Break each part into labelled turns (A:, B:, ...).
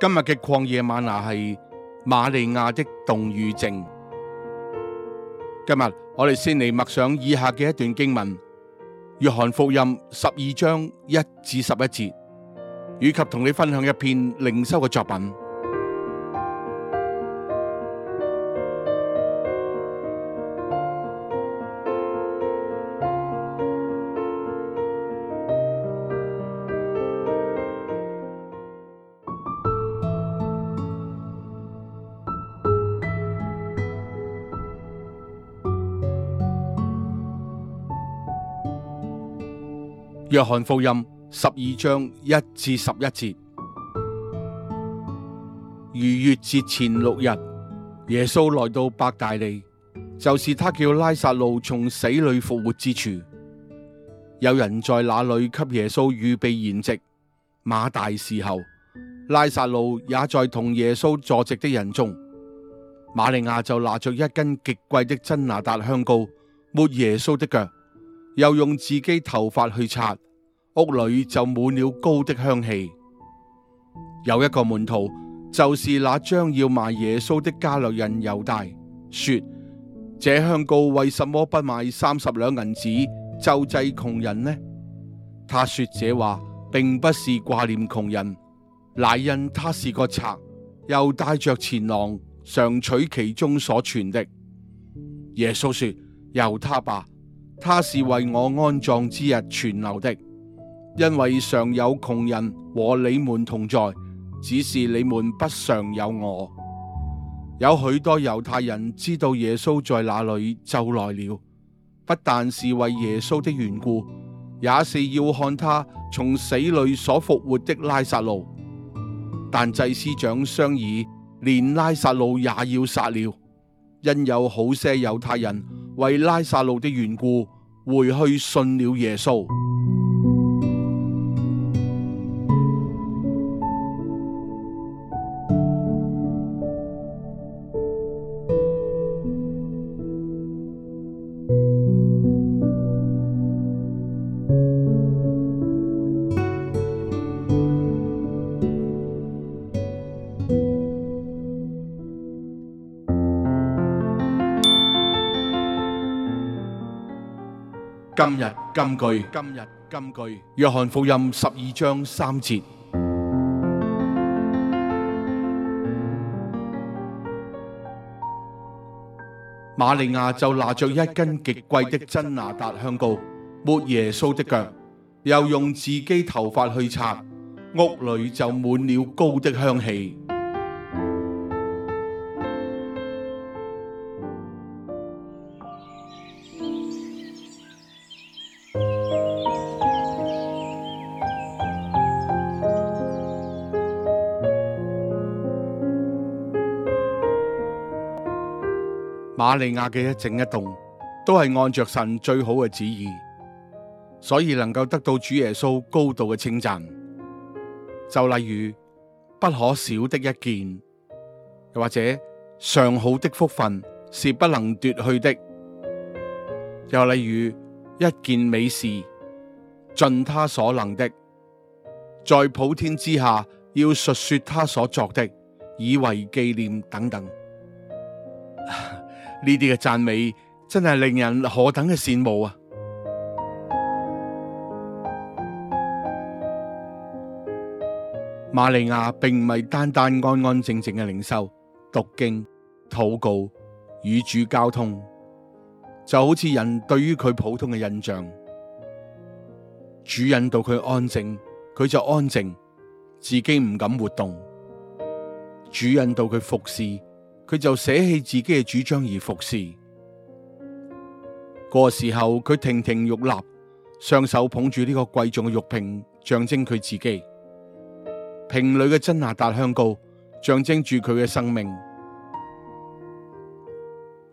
A: 今日嘅曠野嗎哪係馬利亞的動與靜。今日我哋先嚟默想以下嘅一段經文：約翰福音十二章一至十一節，以及同你分享一篇靈修嘅作品。約翰福音十二章一至十一節，逾越節前六日，耶穌來到伯大尼，就是他叫拉撒路從死裏復活之處。有人在那裏給耶穌預備筵席，馬大侍候，拉撒路也在同耶穌坐席的人中。瑪利亞就拿着一根極貴的真拿達香膏，抹耶穌的腳，又用自己頭髮去擦。屋裏就滿了膏的香氣。有一個門徒，就是那將要賣耶穌的加略人猶大，說：這香膏為什麼不賣三十兩銀子賙濟窮人呢？他說這話並不是掛念窮人，乃因他是個賊，又帶着錢囊，常取其中所存的。耶穌說：由他吧，他是為我安葬之日存留的。因為常有窮人和你們同在，只是你們不常有我。有許多猶太人知道耶穌在哪裏就來了，不但是為耶穌的緣故，也是要看他從死裏所復活的拉撒路。但祭司長商議，連拉撒路也要殺了，因有好些猶太人為拉撒路的緣故回去信了耶穌。今日金句，今日金句。約翰福音十二章三節，馬利亞就拿着一斤極貴的真哪噠香膏，抹耶穌的腳，又用自己頭髮去擦，屋裏就滿了膏的香氣。瑪利亞嘅一靜一動，都係按着神最好嘅旨意，所以能夠得到主耶穌高度嘅稱讚。就例如不可少的一件，又或者上好的福分是不能奪去的。又例如一件美事，盡他所能的，在普天之下要述說他所作的，以為紀念等等。 呢啲嘅讚美真係令人何等嘅羨慕啊！馬利亞並唔係單單安安靜靜嘅靈修讀經、禱告與主交通，就好似人對於佢普通嘅印象。主引導佢安靜，佢就安靜，自己唔敢活動。主引導佢服侍。佢就捨棄自己嘅主張而服侍。嗰個時候，佢亭亭玉立，雙手捧住呢個貴重嘅玉瓶，象徵佢自己。瓶裏嘅真哪噠香膏，象徵住佢嘅生命。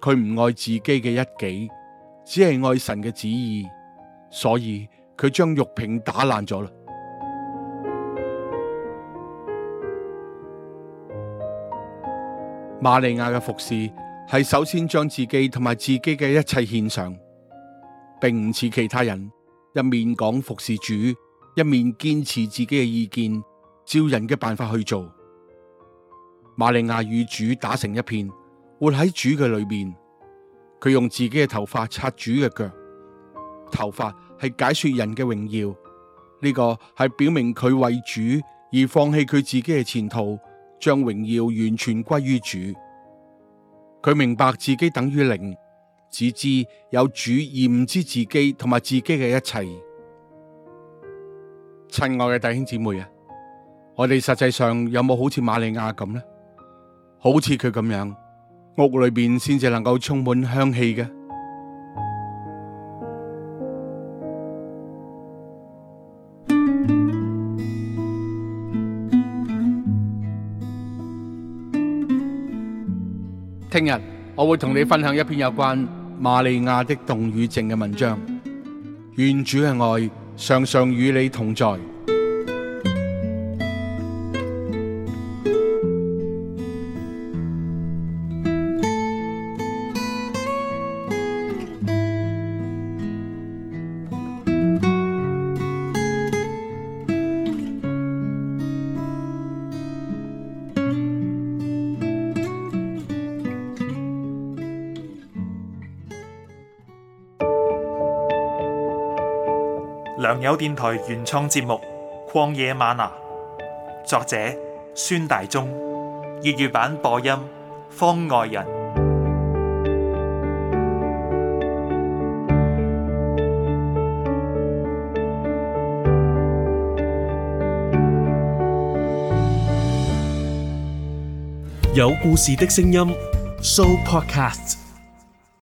A: 佢唔愛自己嘅一己，只係愛神嘅旨意，所以佢將玉瓶打爛咗啦。瑪利亞嘅服侍係首先將自己同埋自己嘅一切獻上，並唔似其他人，一面講服侍主，一面堅持自己嘅意見，照人嘅辦法去做。瑪利亞與主打成一片，活喺主嘅裏面。佢用自己嘅頭髮擦主嘅腳，頭髮係解說人嘅榮耀。呢個係表明佢為主而放棄佢自己嘅前途。將榮耀完全歸於主，佢明白自己等於零，只知有主而唔知自己同埋自己嘅一切。親愛嘅弟兄姊妹啊，我哋實際上有冇好似瑪利亞咁咧？好似佢咁樣，屋裏面先至能夠充滿香氣嘅。聽日我會同你分享一篇有關馬利亞的動與靜嘅文章，願主嘅愛常常與你同在。良友電台原創節目《曠野嗎哪》，作者孫大中，粵語版播音方外人，有故事的聲音，So Podcast。